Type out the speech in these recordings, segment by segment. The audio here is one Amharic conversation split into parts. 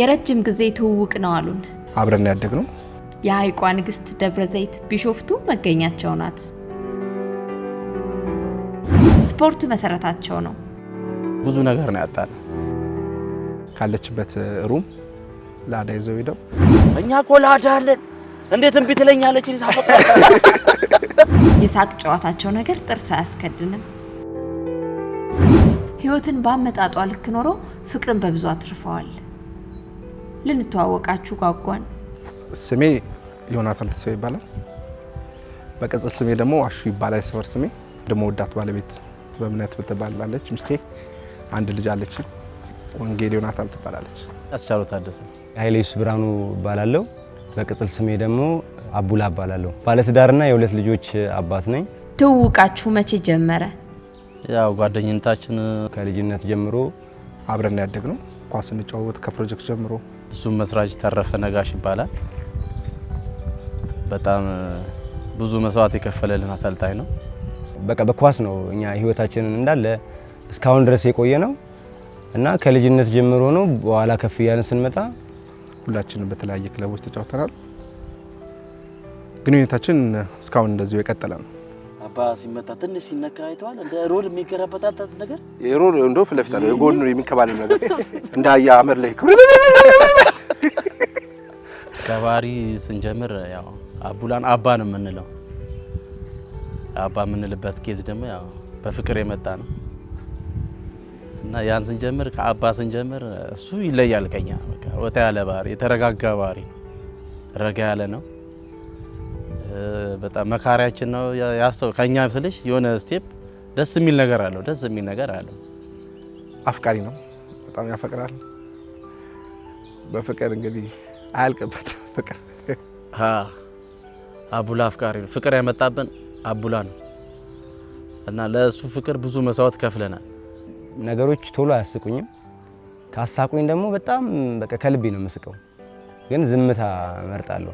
የረጅም ጊዜ ትውውቅ ነው አሉን። አብረን ያደግ ነው። የሀይቋ ንግስት ደብረ ዘይት ቢሾፍቱ መገኛቸው ናት። ስፖርት መሰረታቸው ነው። ብዙ ነገር ነው ያጣን ካለችበት ሩም ላዳ ይዘው ሄደው እኛ እኮ ላዳ አለን እንዴት እምቢ ትለኛለች? የሳቅ ጨዋታቸው ነገር ጥርስ አያስከድንም። ህይወትን በአመጣጧ ልክ ኖሮ ፍቅርን በብዙ አትርፈዋል። ልንተዋወቃችሁ ጓጓን። ስሜ ዮናታን ተስፋዬ ይባላል። በቅጽል ስሜ ደግሞ አሹ ይባላል። የሰፈር ስሜ ደግሞ ወዳት ባለቤት በእምነት ትባላለች። ሚስቴ አንድ ልጅ አለችን። ወንጌል ዮናታን ትባላለች። አስቻሉ ታደሰ። ኃይሌስ ብርሃኑ እባላለሁ። በቅጽል ስሜ ደግሞ አቡላ እባላለሁ። ባለትዳርና የሁለት ልጆች አባት ነኝ። ትውውቃችሁ መቼ ጀመረ? ያው ጓደኝነታችን ከልጅነት ጀምሮ አብረን ያደግ ነው። ኳስ እንጫወት ከፕሮጀክት ጀምሮ። እሱም መስራች ተረፈ ነጋሽ ይባላል። በጣም ብዙ መስዋዕት የከፈለልን አሰልጣኝ ነው። በቃ በኳስ ነው እኛ ህይወታችንን እንዳለ እስካሁን ድረስ የቆየ ነው። እና ከልጅነት ጀምሮ ነው። በኋላ ከፍ እያለን ስንመጣ ሁላችንም በተለያየ ክለቦች ተጫውተናል። ግንኙነታችን እስካሁን እንደዚሁ የቀጠለ ነው። አባ ሲመጣ ትንሽ ሲነካ አይተዋል። እንደ ሮድ የሚገረበጣጣት ነገር የሮድ እንዶ ፍለፍታ ነው የጎኑ የሚንከባለል ነገር እንደ አያ አመር ላይ ከባሪ ስንጀምር ያው አቡላን አባ ነው የምንለው። አባ የምንልበት ኬዝ ደግሞ ያው በፍቅር የመጣ ነው እና ያን ስንጀምር ከአባ ስንጀምር እሱ ይለያል ከኛ። በቃ ወጣ ያለ ባህሪ፣ የተረጋጋ ባህሪ ረጋ ያለ ነው። በጣም መካሪያችን ነው። ያስተው ከኛ ስልሽ የሆነ ስቴፕ ደስ የሚል ነገር አለው። ደስ የሚል ነገር አለው። አፍቃሪ ነው። በጣም ያፈቅራል። በፍቅር እንግዲህ አያልቅበት ፍቅር። አቡላ አፍቃሪ ነው። ፍቅር ያመጣብን አቡላ ነው እና ለእሱ ፍቅር ብዙ መስዋዕት ከፍለናል። ነገሮች ቶሎ አያስቁኝም። ካሳቁኝ ደግሞ በጣም በቃ ከልቤ ነው የምስቀው፣ ግን ዝምታ መርጣለሁ።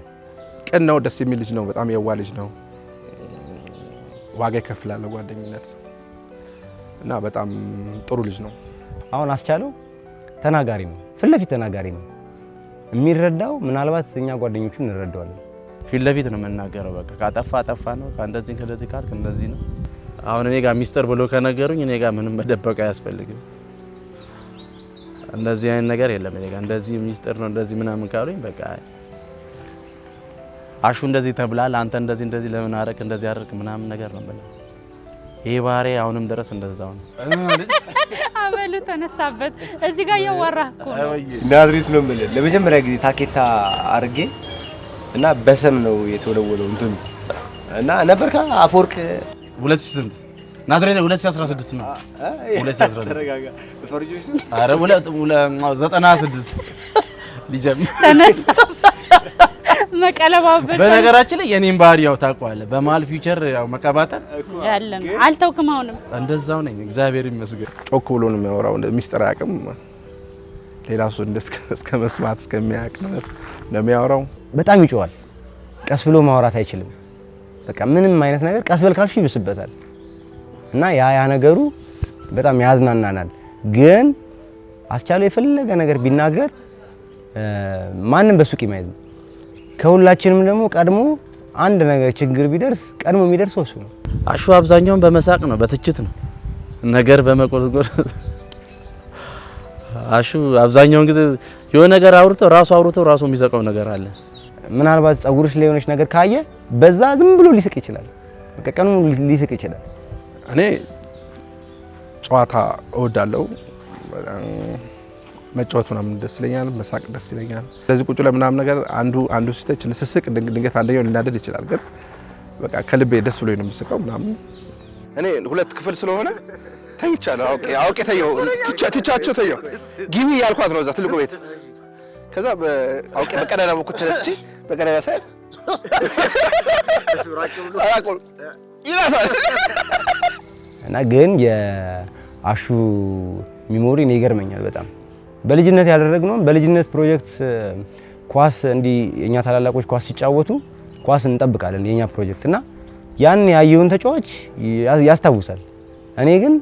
ቅን ነው፣ ደስ የሚል ልጅ ነው፣ በጣም የዋ ልጅ ነው። ዋጋ ይከፍላል ጓደኝነት እና በጣም ጥሩ ልጅ ነው። አሁን አስቻለው ተናጋሪ ነው፣ ፊት ለፊት ተናጋሪ ነው። የሚረዳው ምናልባት እኛ ጓደኞቹ እንረዳዋለን። ፊት ለፊት ነው የምናገረው። በቃ ካጠፋ አጠፋ ነው፣ ከእንደዚህ ከደዚህ ካልክ እንደዚህ ነው አሁን እኔ ጋር ሚስጥር ብሎ ከነገሩኝ እኔ ጋር ምንም መደበቅ አያስፈልግም። እንደዚህ አይነት ነገር የለም። እኔ ጋር እንደዚህ ሚስጥር ነው እንደዚህ ምናምን ካሉኝ በቃ አሹ እንደዚህ ተብላል፣ አንተ እንደዚህ እንደዚህ ለምን አረክ እንደዚህ አረክ ምናምን ነገር ነው ብላ ይሄ ባህሪ አሁንም ድረስ እንደዛው ነው። አበሉ ተነሳበት። እዚህ ጋር እያዋራህ እኮ ናዝሬት ነው የምልህ። ለመጀመሪያ ጊዜ ታኬታ አድርጌ እና በሰም ነው የተወለወለው እንትኑ እና ነበርካ አፈወርቅ ሁለት ሺህ ስንት ናዝሬት ሁለት ሺህ አስራ ስድስት ነው። ሁለት ሺህ አስራ ስድስት ኧረ ሁለት ዘጠና ስድስት ሊጀምር ተነሳ። በነገራችን ላይ የኔን ባህሪ ያው ታውቀዋለህ። በመሀል ፊውቸር ያው አልተውክም። አሁንም እንደዛው ነኝ። እግዚአብሔር ይመስገን። ጮክ ብሎ ነው የሚያወራው። ሚስጥር አያውቅም። ሌላ ሰው እስከ መስማት እስከሚያውቅ ድረስ ነው የሚያወራው። በጣም ይጮዋል። ቀስ ብሎ ማውራት አይችልም። በቃ ምንም አይነት ነገር ቀስ በል ካልሽ ይብስበታል እና ያ ያ ነገሩ በጣም ያዝናናናል። ግን አስቻሉ የፈለገ ነገር ቢናገር ማንም በሱ ቂም አይዝም። ከሁላችንም ደግሞ ቀድሞ አንድ ነገር ችግር ቢደርስ ቀድሞ የሚደርሰው እሱ ነው። አሹ አብዛኛውን በመሳቅ ነው፣ በትችት ነው፣ ነገር በመቆርቆር አሹ አብዛኛውን ጊዜ የሆነ ነገር አውርተው ራሱ አውርተው ራሱ የሚሰቀው ነገር አለ። ምናልባት ጸጉርሽ ላይ የሆነች ነገር ካየ በዛ ዝም ብሎ ሊስቅ ይችላል። በቃ ቀኑ ሊስቅ ይችላል። እኔ ጨዋታ እወዳለሁ። መጫወት ምናምን ደስ ይለኛል፣ መሳቅ ደስ ይለኛል። ስለዚህ ቁጭ ለምናምን ነገር አንዱ አንዱ ሲተች ስስቅ ድንገት አንደኛው ሊናደድ ይችላል፣ ግን በቃ ከልቤ ደስ ብሎኝ ነው የምስቀው ምናምን። እኔ ሁለት ክፍል ስለሆነ ተኝቻለሁ፣ አውቄ ተኛሁ፣ ትቻቸው ተኛሁ። ግቢ ያልኳት ነው እዛ ትልቁ ቤት። ከዛ አውቄ በቀዳዳ በኩል ተነስቼ በቀዳዳ ሳያት እና ግን የአሹ ሚሞሪ እኔ ይገርመኛል በጣም በልጅነት ያደረግነው በልጅነት ፕሮጀክት ኳስ እንዲህ የእኛ ታላላቆች ኳስ ሲጫወቱ ኳስ እንጠብቃለን የእኛ ፕሮጀክት እና ያን ያየውን ተጫዋች ያስታውሳል። እኔ ግን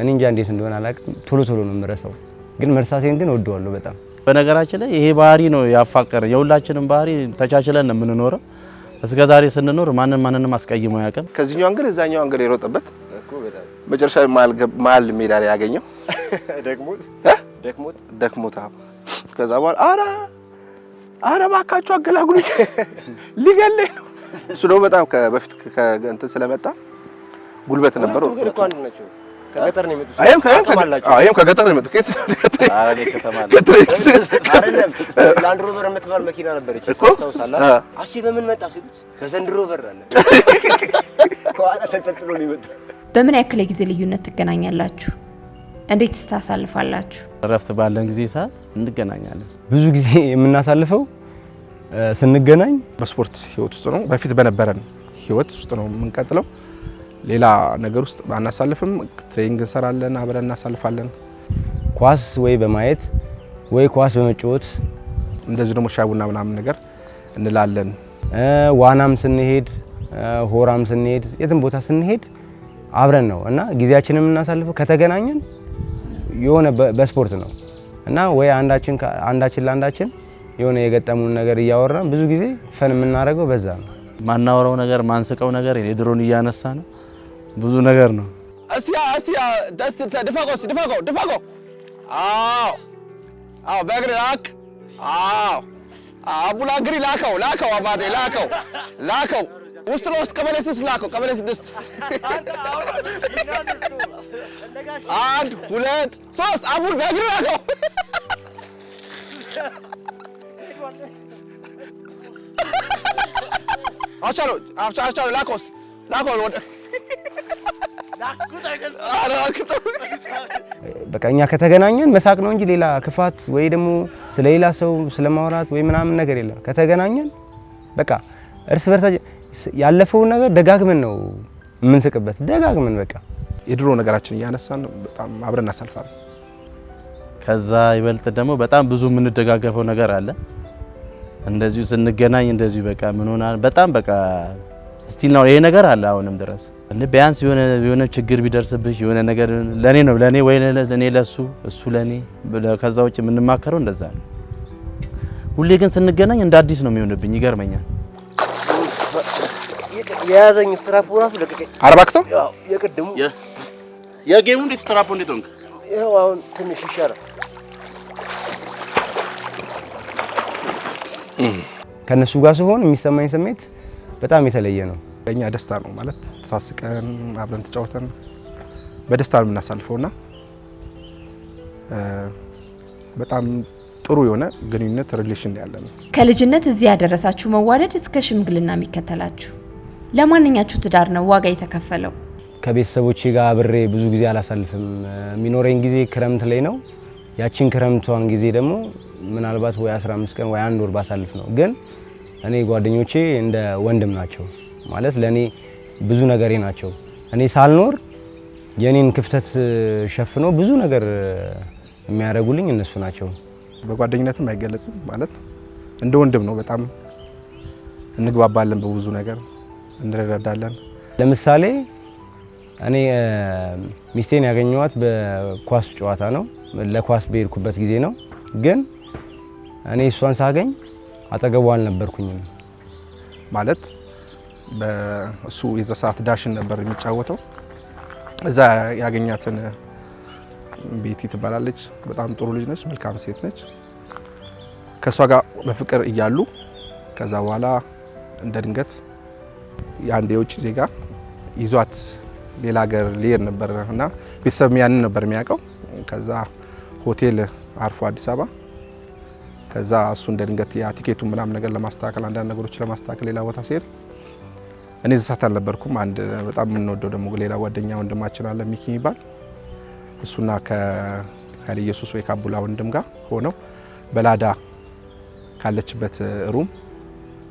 እኔ እንጃ እንዴት እንደሆነ አላውቅም፣ ቶሎ ቶሎ ነው የምረሳው። ግን መርሳቴን ግን እወደዋለሁ በጣም በነገራችን ላይ ይሄ ባህሪ ነው ያፋቀረ የሁላችንም ባህሪ ተቻችለን ነው የምንኖረው። እስከ ዛሬ ስንኖር ማንም ማንንም አስቀይሞ ያውቅም። ከዚህኛው አንግል እዛኛው አንግል የሮጠበት መጨረሻ መሀል ሜዳ ላይ ያገኘው ደክሞት ደክሞት ከዛ በኋላ አረ አረ እባካችሁ አገላግሉ ሊገለኝ ነው። እሱ ደግሞ በጣም በፊት ከእንትን ስለመጣ ጉልበት ነበረው። ከገጠር ነው ከገጠር ነው የመጡት። ከገጠር ነው ላንድ ሮቨር የምትባል መኪና ነበረች እኮ በምን መጣ ሲሉት አለ። ከኋላ ተንጠልጥሎ ነው የመጡት። በምን ያክል የጊዜ ልዩነት ትገናኛላችሁ? እንዴትስ ታሳልፋላችሁ? እረፍት ባለን ጊዜ ሰዓት እንገናኛለን። ብዙ ጊዜ የምናሳልፈው ስንገናኝ በስፖርት ህይወት ውስጥ ነው። በፊት በነበረን ህይወት ውስጥ ነው የምንቀጥለው። ሌላ ነገር ውስጥ አናሳልፍም። ትሬኒንግ እንሰራለን፣ አብረን እናሳልፋለን። ኳስ ወይ በማየት ወይ ኳስ በመጫወት እንደዚህ ደግሞ ሻይ ቡና ምናምን ነገር እንላለን። ዋናም ስንሄድ ሆራም ስንሄድ የትም ቦታ ስንሄድ አብረን ነው እና ጊዜያችንን የምናሳልፈው ከተገናኘን የሆነ በስፖርት ነው እና ወይ አንዳችን አንዳችን ለአንዳችን የሆነ የገጠሙን ነገር እያወራን ብዙ ጊዜ ፈን የምናደርገው በዛ ነው። ማናወራው ነገር ማንስቀው ነገር የድሮን እያነሳ ነው ብዙ ነገር ነው። እስኪ እስኪ ድፈቆ እስኪ ድፈቆ ድፈቆ። አዎ አዎ፣ በእግር ላክ። አዎ አቡላ ግሪ ላከው ላከው አባቴ ላከው ላከው ውስጥ ለውስጥ ቀበሌ ስድስት ላከው ቀበሌ ስድስት አንድ ሁለት ሶስት አቡል በእግር ላከው። አቻሎ አቻሎ ላከው ላከው ወደ በቃ እኛ ከተገናኘን መሳቅ ነው እንጂ ሌላ ክፋት ወይ ደግሞ ስለ ሌላ ሰው ስለ ማውራት ወይ ምናምን ነገር የለም። ከተገናኘን በቃ እርስ በርሳችን ያለፈውን ነገር ደጋግመን ነው የምንስቅበት። ደጋግመን በቃ የድሮ ነገራችን እያነሳን በጣም አብረን እናሳልፋለን። ከዛ ይበልጥ ደግሞ በጣም ብዙ የምንደጋገፈው ነገር አለ። እንደዚሁ ስንገናኝ እንደዚሁ በቃ ምን ሆናል በጣም በቃ ስቲል ነው ይሄ ነገር አለ አሁንም ድረስ ቢያንስ የሆነ ችግር ቢደርስብሽ የሆነ ነገር ለኔ ነው ለኔ ወይ ለኔ ለሱ እሱ ለእኔ ከዛ ውጭ የምንማከረው እንደዛ ነው። ሁሌ ግን ስንገናኝ እንደ አዲስ ነው የሚሆንብኝ። ይገርመኛል። የያዘኝ ስትራፖ ራሱ ለቅቄ አርባክቶ የቅድሙ የጌሙ እንዴት ስትራፕ እንዴት ሆንክ? ይኸው አሁን ትንሽ ይሻላል። ከእነሱ ጋር ሲሆን የሚሰማኝ ስሜት በጣም የተለየ ነው። ለእኛ ደስታ ነው ማለት ተሳስቀን አብረን ተጫወተን በደስታ ነው የምናሳልፈው እና በጣም ጥሩ የሆነ ግንኙነት ሪሌሽን ያለ ነው። ከልጅነት እዚህ ያደረሳችሁ መዋደድ እስከ ሽምግልና የሚከተላችሁ ለማንኛችሁ ትዳር ነው ዋጋ የተከፈለው? ከቤተሰቦቼ ጋር አብሬ ብዙ ጊዜ አላሳልፍም። የሚኖረኝ ጊዜ ክረምት ላይ ነው። ያቺን ክረምቷን ጊዜ ደግሞ ምናልባት ወይ 15 ቀን ወይ አንድ ወር ባሳልፍ ነው ግን እኔ ጓደኞቼ እንደ ወንድም ናቸው ማለት ለእኔ ብዙ ነገሬ ናቸው። እኔ ሳልኖር የእኔን ክፍተት ሸፍኖ ብዙ ነገር የሚያደርጉልኝ እነሱ ናቸው። በጓደኝነትም አይገለጽም ማለት እንደ ወንድም ነው። በጣም እንግባባለን፣ በብዙ ነገር እንረዳዳለን። ለምሳሌ እኔ ሚስቴን ያገኘኋት በኳስ ጨዋታ ነው፣ ለኳስ በሄድኩበት ጊዜ ነው። ግን እኔ እሷን ሳገኝ አጠገቡ አልነበርኩኝም። ማለት እሱ የዛ ሰዓት ዳሽን ነበር የሚጫወተው። እዛ ያገኛትን ቤቲ ትባላለች። በጣም ጥሩ ልጅ ነች፣ መልካም ሴት ነች። ከእሷ ጋር በፍቅር እያሉ ከዛ በኋላ እንደ ድንገት የአንድ የውጭ ዜጋ ይዟት ሌላ ሀገር ሊሄድ ነበር እና ቤተሰብ ያንን ነበር የሚያውቀው። ከዛ ሆቴል አርፎ አዲስ አበባ ከዛ እሱ እንደ ድንገት ያ ቲኬቱ ምናምን ነገር ለማስተካከል አንዳንድ ነገሮች ለማስተካከል ሌላ ቦታ ሲሄድ እኔ ዝሳት አልነበርኩም። አንድ በጣም የምንወደው ደግሞ ሌላ ጓደኛ ወንድማችን አለ ሚኪ የሚባል እሱና ከሀይል ኢየሱስ ወይ ከአቡላ ወንድም ጋር ሆነው በላዳ ካለችበት ሩም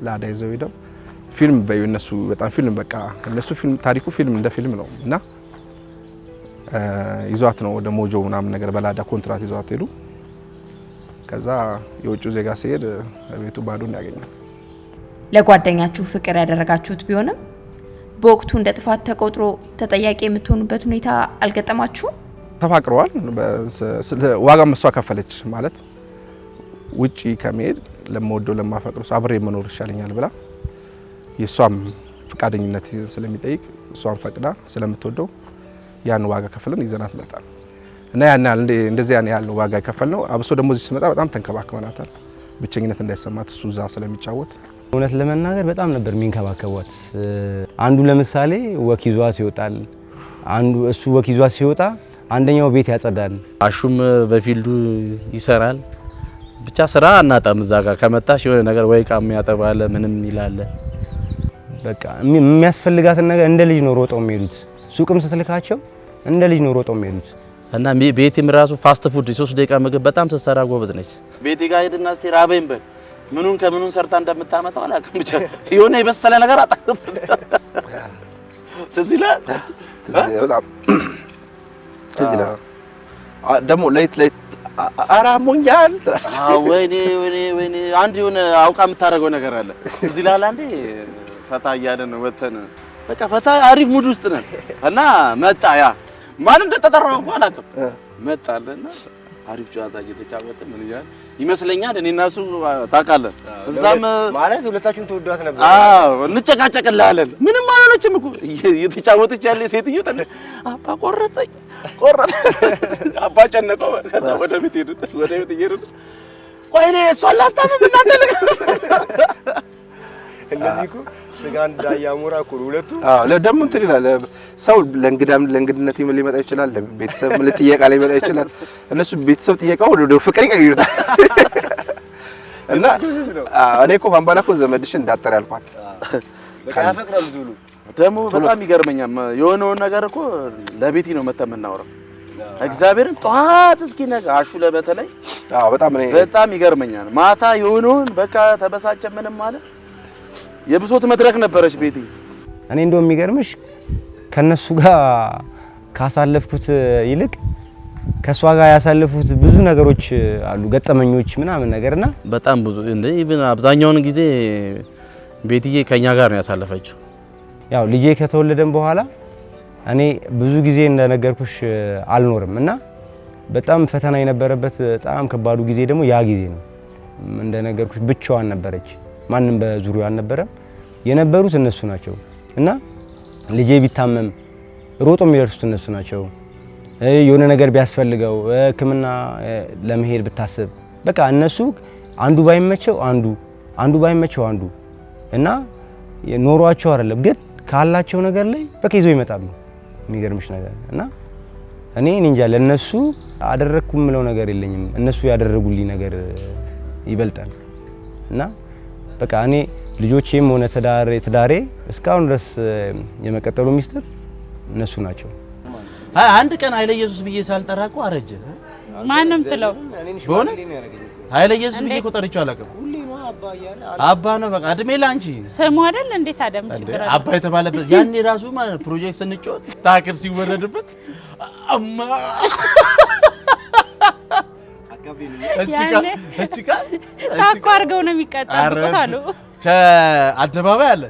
ላዳ ይዘው ሄደው ፊልም እነሱ በጣም ፊልም በቃ እነሱ ፊልም ታሪኩ ፊልም እንደ ፊልም ነው እና ይዟት ነው ወደ ሞጆ ምናምን ነገር በላዳ ኮንትራት ይዟት ሄዱ። ከዛ የውጭ ዜጋ ሲሄድ ቤቱ ባዶ እንዳያገኘው። ለጓደኛችሁ ፍቅር ያደረጋችሁት ቢሆንም በወቅቱ እንደ ጥፋት ተቆጥሮ ተጠያቂ የምትሆኑበት ሁኔታ አልገጠማችሁም? ተፋቅረዋል። ዋጋ መሷ ከፈለች ማለት ውጪ ከመሄድ ለመወደው ለማፈቅሩ አብሬ መኖር ይሻለኛል ብላ የእሷም ፈቃደኝነት ስለሚጠይቅ እሷን ፈቅዳ ስለምትወደው ያን ዋጋ ከፍለን ይዘናት መጣል እና ያን ያህል እንደዚህ ያን ያህል ዋጋ ይከፈል ነው። አብሶ ደግሞ እዚህ ስመጣ በጣም ተንከባክበናታል፣ ብቸኝነት እንዳይሰማት እሱ እዛ ስለሚጫወት። እውነት ለመናገር በጣም ነበር የሚንከባከቧት። አንዱ ለምሳሌ ወክ ይዟት ይወጣል። አንዱ እሱ ወክ ይዟት ሲወጣ አንደኛው ቤት ያጸዳል። አሹም በፊልዱ ይሰራል። ብቻ ስራ አናጣም። እዛ ጋር ከመጣሽ የሆነ ነገር ወይ ቃም ያጠባለ ምንም ይላለ። በቃ የሚያስፈልጋትን ነገር እንደ ልጅ ነው ሮጠው የሚሄዱት። ሱቅም ስትልካቸው እንደ ልጅ ነው ሮጠው የሚሄዱት። እና ቤቲም ራሱ ፋስት ፉድ የሶስት ደቂቃ ምግብ በጣም ስትሰራ ጎበዝ ነች። ቤቲ ጋር ሄድና እስቲ ራበኝ በል ምኑን ከምኑን ሰርታ እንደምታመጣው አላውቅም፣ ብቻ የሆነ የበሰለ ነገር አጣጥፍ ትዝ ይላል። ደግሞ ለይት ለይት አራሞኛል ትላለች። ወይኔ ወይኔ ወይኔ አንድ የሆነ አውቃ የምታደርገው ነገር አለ። ትዝ ይላል። አንዴ ፈታ እያለ ነው ወተን በቃ ፈታ አሪፍ ሙድ ውስጥ ነን እና መጣ ያ ማን እንደተጠራው እንኳን አላውቅም። መጣለና አሪፍ ጨዋታ እየተጫወተ ምን ይላል ይመስለኛል። እኔ እና እሱ ታውቃለህ፣ እዛም ማለት ሁለታችሁም ተወዷት ነበር። አዎ እንጨቃጨቅልሃለን። ምንም አላለችም እኮ እየተጫወተች ያለ ሴትዮ ታለ አባ ቆረጠኝ፣ ቆረጠ አባ ጨነቀው። ከዛ ወደ ቤት ሄድን። ወደ ቤት እየሄድን ቆይ እኔ እሷን ላስታምም እናንተ ልክ እነዚህ እኮ ስጋ እንዳያሞራ እኮ ነው ሁለቱ። አዎ ለደሙ እንትን ይላል ሰው ለእንግዳም ለእንግድነት ሊመጣ ይችላል፣ ለቤተሰብ ጥየቃ ሊመጣ ይችላል። እነሱ ቤተሰብ ጥየቃ ወደ ፍቅር ይቀይሩታል። እና እኔ እኮ ባምባላ እኮ ዘመድሽን እንዳጠር ያልኳት ደግሞ በጣም ይገርመኛል። የሆነውን ነገር እኮ ለቤቲ ነው መጣ የምናወራው እግዚአብሔርን ጠዋት እስኪ ነገ አሹ ለበተለይ በጣም በጣም ይገርመኛል። ማታ የሆነውን በቃ ተበሳጨ ምንም ማለት የብሶት መድረክ ነበረች ቤቲ። እኔ እንደው የሚገርምሽ ከነሱ ጋር ካሳለፍኩት ይልቅ ከእሷ ጋር ያሳለፉት ብዙ ነገሮች አሉ፣ ገጠመኞች ምናምን ነገርና በጣም ብዙ እንደ ኢቭን አብዛኛውን ጊዜ ቤትዬ ከኛ ጋር ነው ያሳለፈችው። ያው ልጄ ከተወለደም በኋላ እኔ ብዙ ጊዜ እንደነገርኩሽ አልኖርም እና በጣም ፈተና የነበረበት በጣም ከባዱ ጊዜ ደግሞ ያ ጊዜ ነው። እንደነገርኩሽ ብቻዋን ነበረች። ማንም በዙሪያው አልነበረም። የነበሩት እነሱ ናቸው እና ልጄ ቢታመም ሮጦ የሚደርሱት እነሱ ናቸው። የሆነ ነገር ቢያስፈልገው ሕክምና ለመሄድ ብታስብ በቃ እነሱ አንዱ ባይመቸው አንዱ አንዱ ባይመቸው አንዱ እና ኖሯቸው አይደለም ግን ካላቸው ነገር ላይ በቃ ይዘው ይመጣሉ። የሚገርምሽ ነገር እና እኔ እንጃ ለእነሱ አደረግኩ ምለው ነገር የለኝም። እነሱ ያደረጉልኝ ነገር ይበልጣል እና በቃ እኔ ልጆቼም ሆነ ትዳሬ ትዳሬ እስካሁን ድረስ የመቀጠሉ ሚስጥር እነሱ ናቸው። አንድ ቀን ኃይለ ኢየሱስ ብዬ ሳልጠራ እኮ አረጀ። ማንም ትለው በሆነ ኃይለ ኢየሱስ ብዬ እኮ ጠርቼው አላውቅም። አባ ነው በቃ እድሜ ላንቺ ስሙ አይደል? እንዴት አደም ችግር አባ የተባለበት ያኔ ራሱ ፕሮጀክት ስንጫወት ታክር ሲወረድበት አማ ታኮ ነው የሚቀጠብቁት አሉ። ከአደባባይ አለ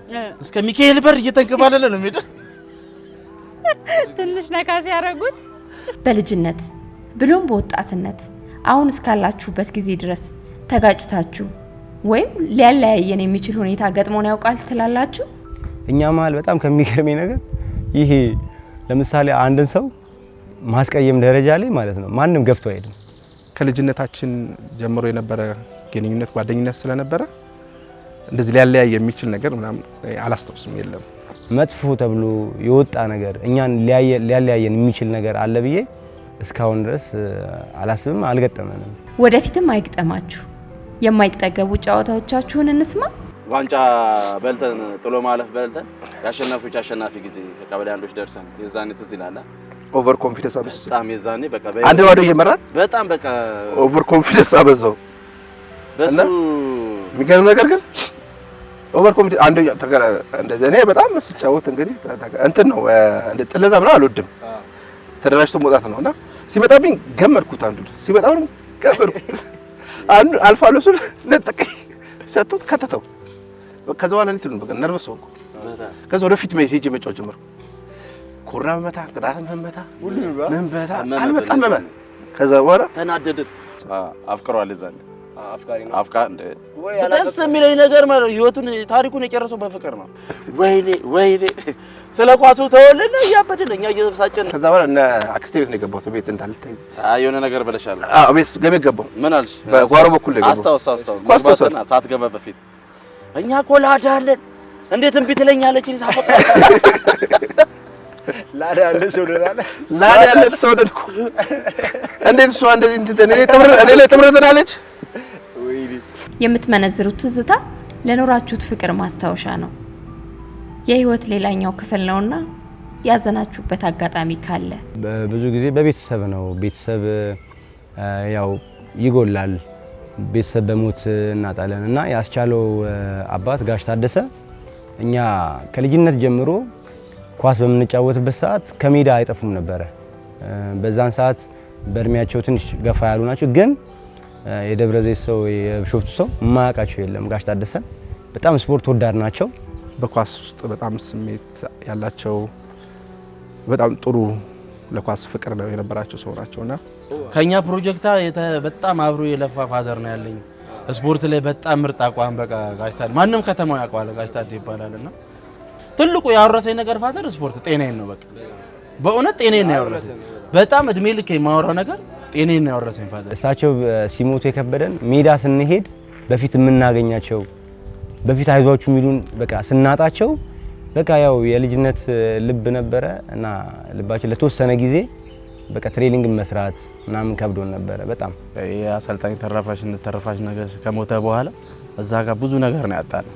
እስከ ሚካኤል በር እየተንከባለለ ነው የሚሄደው። ትንሽ ነካ ሲያደርጉት በልጅነት ብሎም በወጣትነት አሁን እስካላችሁበት ጊዜ ድረስ ተጋጭታችሁ ወይም ሊያለያየን የሚችል ሁኔታ ገጥሞን ያውቃል ትላላችሁ? እኛ መሀል በጣም ከሚገርመኝ ነገር ይሄ ለምሳሌ አንድን ሰው ማስቀየም ደረጃ ላይ ማለት ነው ማንም ገብቶ አይሄድም። ከልጅነታችን ጀምሮ የነበረ ግንኙነት ጓደኝነት ስለነበረ እንደዚህ ሊያለያይ የሚችል ነገር ምናምን አላስታውስም። የለም መጥፎ ተብሎ የወጣ ነገር እኛን ሊያለያየን የሚችል ነገር አለ ብዬ እስካሁን ድረስ አላስብም፣ አልገጠመንም። ወደፊትም አይግጠማችሁ። የማይጠገቡ ጨዋታዎቻችሁን እንስማ። ዋንጫ በልተን ጥሎ ማለፍ በልተን የአሸናፊዎች አሸናፊ ጊዜ ቀበሌ አንዶች ደርሰን የዛኔ ትዝ ይላል ኦቨር ኮንፊደንስ አበዛው። በጣም የዛኔ በቃ አንድ ባዶ እየመራን በጣም በቃ ኦቨር ኮንፊደንስ አበዛው። በሱ የሚገርም ነገር ግን ኦቨር ኮንፊደንስ አንድ ተገራ እንደዚህ እኔ በጣም ስጫወት እንግዲህ እንትን ነው እንደ ጥለዛ ምናምን አልወድም። ተደራጅቶ መውጣት ነውና ሲመጣብኝ ገመድኩት። አንዱ ሲመጣው ገመድኩት። አንዱ አልፋ ለሱ ነጠቅ ሰጥቶት ከተተው። ከዛ በኋላ ለኔ በቃ ነርቨስ ሆንኩ። ከዛ ወደፊት መሄድ ሄጄ መጫወት ጀመርኩ። ኮርና መመታ፣ ቅጣት መመታ፣ መመታ አልመጣም። በመ ከዛ በኋላ ተናደድን። አፍቅሯል እዛን ደስ የሚለኝ ነገር ማለት ህይወቱን ታሪኩን የጨረሰው በፍቅር ነው። ወይኔ ወይኔ ስለ ኳሱ ተወልና እያበድን እኛ እየተበሳጨን። ከዛ በኋላ እነ አክስቴ ቤት ነው የገባሁት። ቤት እንዳልታይ የሆነ ነገር ብለሻል። ቤት ገቤ ገባሁ። ምን አልሽ? በጓሮ በኩል አስታውስ፣ አስታውስ ሳትገባ በፊት እኛ እኮ ላዳ አለን። እንዴት እምቢ ትለኛለች ሳፈጣ ላዳ ያለ ሰው ደላለ ላዳ ያለ ሰው ደልኩ። እንዴት እሷ እንደዚህ እንትን እኔ ላይ ተምረተናለች። የምትመነዝሩት ትዝታ ለኖራችሁት ፍቅር ማስታወሻ ነው። የህይወት ሌላኛው ክፍል ነውና ያዘናችሁበት አጋጣሚ ካለ ብዙ ጊዜ በቤተሰብ ነው። ቤተሰብ ያው ይጎላል። ቤተሰብ በሞት እናጣለን እና ያስቻለው አባት ጋሽ ታደሰ እኛ ከልጅነት ጀምሮ ኳስ በምንጫወትበት ሰዓት ከሜዳ አይጠፉም ነበረ። በዛን ሰዓት በእድሜያቸው ትንሽ ገፋ ያሉ ናቸው፣ ግን የደብረ ዘይት ሰው የብሾፍቱ ሰው የማያውቃቸው የለም። ጋሽ ታደሰ በጣም ስፖርት ወዳድ ናቸው። በኳስ ውስጥ በጣም ስሜት ያላቸው በጣም ጥሩ ለኳስ ፍቅር ነው የነበራቸው ሰው ናቸውና ከኛ ፕሮጀክታ በጣም አብሮ የለፋ ፋዘር ነው ያለኝ። ስፖርት ላይ በጣም ምርጥ አቋም በቃ ጋሽታ ማንም ከተማው ያውቀዋል ጋሽታ ይባላልና ትልቁ ያወረሰኝ ነገር ፋዘር ስፖርት ጤናዬን ነው። በቃ በእውነት ጤናዬን ነው ያወረሰኝ። በጣም እድሜ ልክ የማወራው ነገር ጤናዬን ነው ያወረሰኝ ፋዘር። እሳቸው ሲሞቱ የከበደን ሜዳ ስንሄድ በፊት የምናገኛቸው በፊት አይዟችሁ የሚሉን በቃ ስናጣቸው በቃ ያው የልጅነት ልብ ነበረ እና ልባችን ለተወሰነ ጊዜ በቃ ትሬኒንግ መስራት ምናምን ከብዶን ነበረ በጣም። የአሰልጣኝ ተረፋሽ ነገር ከሞተ በኋላ እዛ ጋር ብዙ ነገር ነው ያጣነው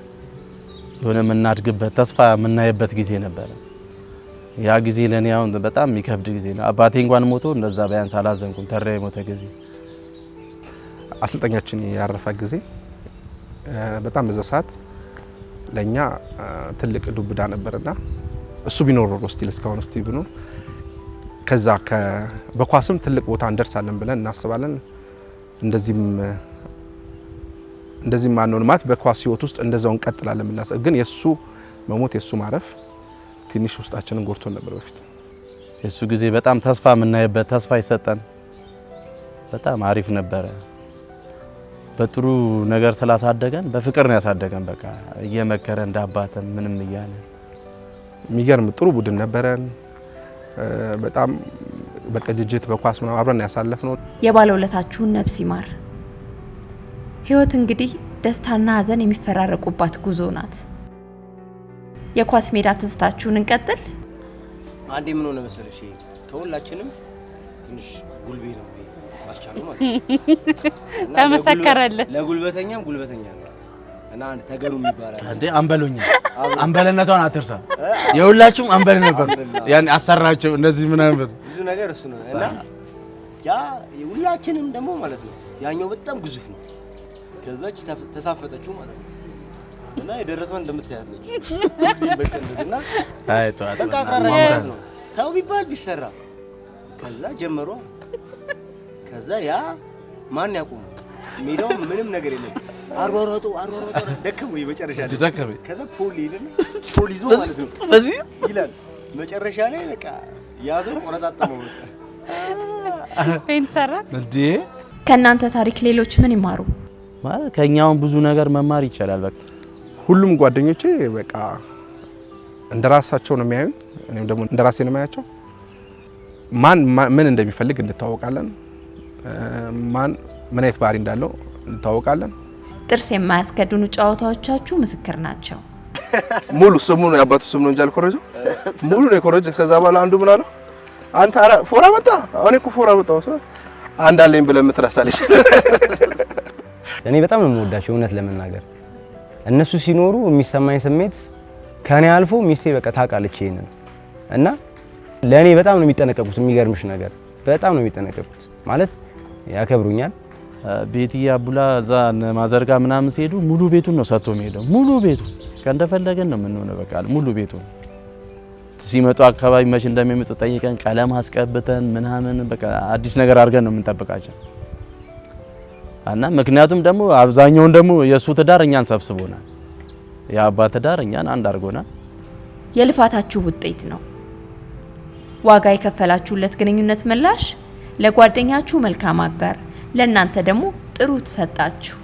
የሆነ የምናድግበት ተስፋ የምናይበት ጊዜ ነበረ። ያ ጊዜ ለእኔ አሁን በጣም የሚከብድ ጊዜ ነው። አባቴ እንኳን ሞቶ እንደዛ ቢያንስ አላዘንኩም። ተራ የሞተ ጊዜ አሰልጣኛችን ያረፈ ጊዜ በጣም በዛ ሰዓት ለእኛ ትልቅ ዱብዳ ነበርና እሱ ቢኖር ኖሮ ስቲል እስካሁን ስቲል ቢኖር ከዛ በኳስም ትልቅ ቦታ እንደርሳለን ብለን እናስባለን እንደዚህም እንደዚህ ማንሆን ማለት በኳስ ህይወት ውስጥ እንደዛው እንቀጥላለን የምናስብ ግን የእሱ መሞት የእሱ ማረፍ ትንሽ ውስጣችንን ጎድቶን ነበር በፊት የእሱ ጊዜ በጣም ተስፋ የምናይበት ተስፋ ይሰጠን በጣም አሪፍ ነበረ። በጥሩ ነገር ስላሳደገን በፍቅር ነው ያሳደገን። በቃ እየመከረ እንዳባተን ምንም እያለ የሚገርም ጥሩ ቡድን ነበረን። በጣም በቅንጅት በኳስ ምናምን አብረን ያሳለፍ ነው። የባለውለታችሁን ነፍስ ይማር። ህይወት እንግዲህ ደስታና ሀዘን የሚፈራረቁባት ጉዞ ናት። የኳስ ሜዳ ትዝታችሁን እንቀጥል። አንዴ ምን ሆነ መሰለሽ ከሁላችንም ትንሽ ጉልቤ ነው አስቻሉ ማለት ተመሰከረልን። ለጉልበተኛም ጉልበተኛ ነው እና አንድ ተገኑ ይባላል። አንዴ አንበሎኛ አንበልነቷን አትርሳ። የሁላችሁም አንበል ነበር። ያን አሰራቸው እንደዚህ ምናምን ብዙ ነገር እሱ ነው እና ያ ሁላችንም ደግሞ ማለት ነው ያኛው በጣም ግዙፍ ነው ከዛች ተሳፈጠችው ማለት ነው። እና የደረቷን እንደምታያት ነች። በቀንድና በቃ አቅራራ ነው ታው ቢባል ቢሰራ ከዛ ጀመሯ። ከዛ ያ ማን ያቁም ሜዳው ምንም ነገር የለም። አሯሯጡ አሯሯጡ ደከመ። መጨረሻ ላይ ደከመ። ከዛ ፖል ይልና ፖል ይዞ ማለት ነው በዚህ ይላል። መጨረሻ ላይ በቃ ያዘው ቆረጣጠመው። በቃ ፌንት ሰራ እንዴ። ከእናንተ ታሪክ ሌሎች ምን ይማሩ? ከኛውን ብዙ ነገር መማር ይቻላል። በቃ ሁሉም ጓደኞቼ በቃ እንደ ራሳቸው ነው የሚያዩ፣ እኔም ደግሞ እንደ ራሴ ነው የማያቸው ማን ምን እንደሚፈልግ እንታወቃለን። ማን ምን አይነት ባህሪ እንዳለው እንታወቃለን። ጥርስ የማያስከድኑ ጨዋታዎቻችሁ ምስክር ናቸው። ሙሉ ነው የአባቱ ስም ነው እንጂ አልኮረጀም። ሙሉ ነው የኮረጀ። ከዛ በኋላ አንዱ ምን አለው፣ አንተ ፎራ መጣ። አሁን እኮ ፎራ መጣ አንድ አለኝ ብለህ የምትረሳለች እኔ በጣም ነው የምወዳቸው እውነት ለመናገር እነሱ ሲኖሩ የሚሰማኝ ስሜት ከኔ አልፎ ሚስቴ በቃ ታውቃለች ይሄንን እና ለእኔ በጣም ነው የሚጠነቀቁት። የሚገርምሽ ነገር በጣም ነው የሚጠነቀቁት ማለት ያከብሩኛል። ቤት አቡላ እዛ ማዘርጋ ምናምን ሲሄዱ ሙሉ ቤቱን ነው ሰጥቶ የሚሄደው። ሙሉ ቤቱ ከእንደፈለገን ነው የምንሆነው። በቃ ሙሉ ቤቱ ሲመጡ አካባቢ መቼ እንደሚመጡ ጠይቀን ቀለም አስቀብተን ምናምን በቃ አዲስ ነገር አድርገን ነው የምንጠብቃቸው። እና ምክንያቱም ደግሞ አብዛኛውን ደግሞ የእሱ ትዳር እኛን ሰብስቦናል። የአባት ትዳር እኛን አንድ አድርጎናል። የልፋታችሁ ውጤት ነው። ዋጋ የከፈላችሁለት ግንኙነት ምላሽ ለጓደኛችሁ መልካም አጋር፣ ለእናንተ ደግሞ ጥሩ ትሰጣችሁ።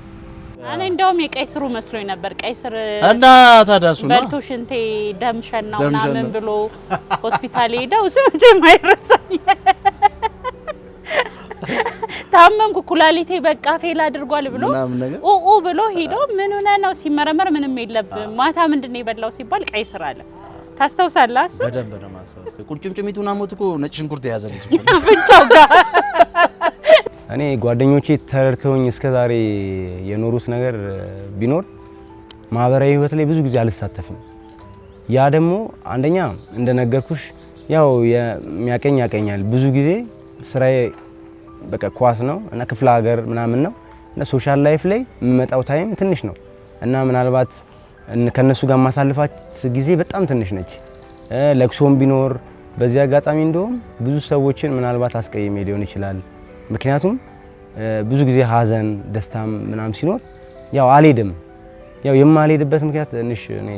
እኔ እንደውም የቀይ ስሩ መስሎኝ ነበር። ቀይ ስር እና ታዳሱ በልቶ ሽንቴ ደምሸናው ምናምን ብሎ ሆስፒታል ሄደው ስምቼ ማይረሳኝ ታመምኩ ኩላሊቴ በቃ ፌል አድርጓል ብሎ ኡኡ ብሎ ሄዶ ምን ሆነ ነው ሲመረመር ምንም የለብም። ማታ ምንድን ነው የበላው ሲባል ቀይ ስር አለ። ታስታውሳለህ? እሱ በደንብ ነው የማስታውሰው። ቁርጭምጭሚቱን አሞት እኮ ነጭ ሽንኩርት የያዘ ልጅ ብቻው ጋር እኔ ጓደኞቼ ተረድተውኝ ዛሬ የኖሩት ነገር ቢኖር ማህበራዊ ህይወት ላይ ብዙ ጊዜ አልሳተፍም። ያ ደግሞ አንደኛ እንደነገርኩሽ ያው የሚያቀኝ ያቀኛል ብዙ ጊዜ ስራዬ በቃ ኳስ ነው እና ክፍለ ሀገር ምናምን ነው እና ሶሻል ላይፍ ላይ የሚመጣው ታይም ትንሽ ነው እና ምናልባት ከነሱ ጋር ማሳልፋት ጊዜ በጣም ትንሽ ነች። ለቅሶም ቢኖር በዚህ አጋጣሚ እንደውም ብዙ ሰዎችን ምናልባት አስቀይሜ ሊሆን ይችላል። ምክንያቱም ብዙ ጊዜ ሀዘን ደስታም ምናምን ሲኖር ያው አልሄድም። ያው የማልሄድበት ምክንያት ትንሽ እኔ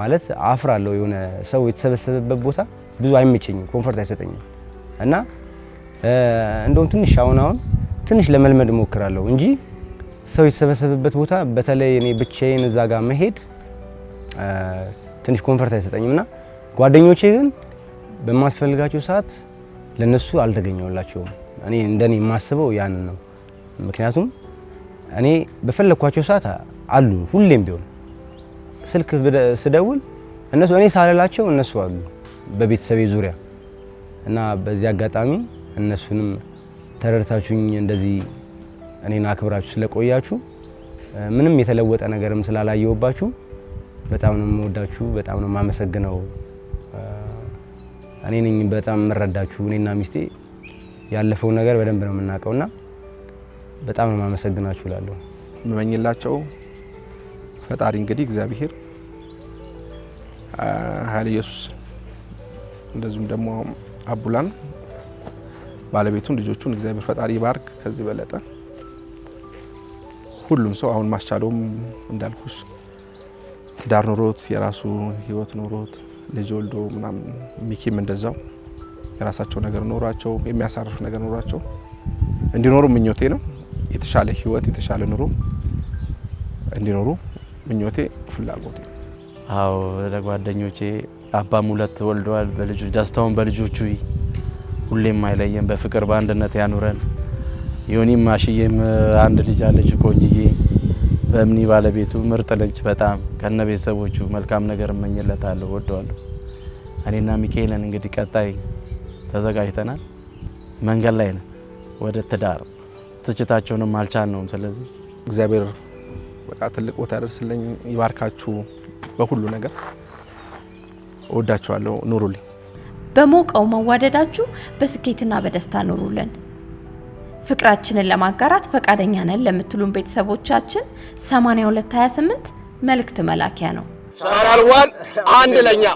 ማለት አፍራለሁ። የሆነ ሰው የተሰበሰበበት ቦታ ብዙ አይመቸኝም፣ ኮንፈርት አይሰጠኝም እና እንደውም ትንሽ አሁን አሁን ትንሽ ለመልመድ እሞክራለሁ እንጂ ሰው የተሰበሰበበት ቦታ በተለይ እኔ ብቻዬን እዛ ጋር መሄድ ትንሽ ኮንፈርት አይሰጠኝም እና ጓደኞቼ ግን በማስፈልጋቸው ሰዓት ለነሱ አልተገኘውላቸውም። እኔ እንደኔ የማስበው ያንን ነው። ምክንያቱም እኔ በፈለግኳቸው ሰዓት አሉ፣ ሁሌም ቢሆን ስልክ ስደውል እነሱ እኔ ሳልላቸው እነሱ አሉ በቤተሰቤ ዙሪያ እና በዚህ አጋጣሚ እነሱንም ተረድታችሁኝ እንደዚህ እኔን አክብራችሁ ስለቆያችሁ ምንም የተለወጠ ነገርም ስላላየውባችሁ በጣም ነው የምወዳችሁ፣ በጣም ነው የማመሰግነው። እኔ ነኝ በጣም የምረዳችሁ። እኔና ሚስቴ ያለፈውን ነገር በደንብ ነው የምናውቀውና በጣም ነው የማመሰግናችሁ እላለሁ። የምመኝላቸው ፈጣሪ እንግዲህ እግዚአብሔር ኃይለ ኢየሱስ እንደዚሁም ደግሞ አቡላን ባለቤቱን ልጆቹን እግዚአብሔር ፈጣሪ ባርክ። ከዚህ በለጠ ሁሉም ሰው አሁን ማስቻለውም እንዳልኩሽ ትዳር ኖሮት የራሱ ህይወት ኖሮት ልጅ ወልዶ ምናምን ሚኪም እንደዛው የራሳቸው ነገር ኖሯቸው የሚያሳርፍ ነገር ኖሯቸው እንዲኖሩ ምኞቴ ነው። የተሻለ ህይወት የተሻለ ኑሮ እንዲኖሩ ምኞቴ ፍላጎቴ። አዎ ለጓደኞቼ አባም ሁለት ወልደዋል። በልጆች ደስታውን በልጆቹ ሁሌም አይለየን፣ በፍቅር በአንድነት ያኑረን። ዮኒም ማሽዬም አንድ ልጅ አለች ቆንጅዬ በእምኒ ባለቤቱ ምርጥ ልጅ በጣም ከነ ቤተሰቦቹ መልካም ነገር እመኝለታለሁ፣ ወደዋለሁ። እኔና ሚካኤልን እንግዲህ ቀጣይ ተዘጋጅተናል። መንገድ ላይ ነን ወደ ትዳር። ትችታቸውንም አልቻልነውም። ስለዚህ እግዚአብሔር በቃ ትልቅ ቦታ ደርስልኝ፣ ይባርካችሁ በሁሉ ነገር። እወዳችኋለሁ። ኑሩልኝ። በሞቀው መዋደዳችሁ በስኬትና በደስታ ኑሩልን። ፍቅራችንን ለማጋራት ፈቃደኛ ነን ለምትሉን ቤተሰቦቻችን 8228 መልእክት መላኪያ ነው። ሻራልዋን አንድ ለኛ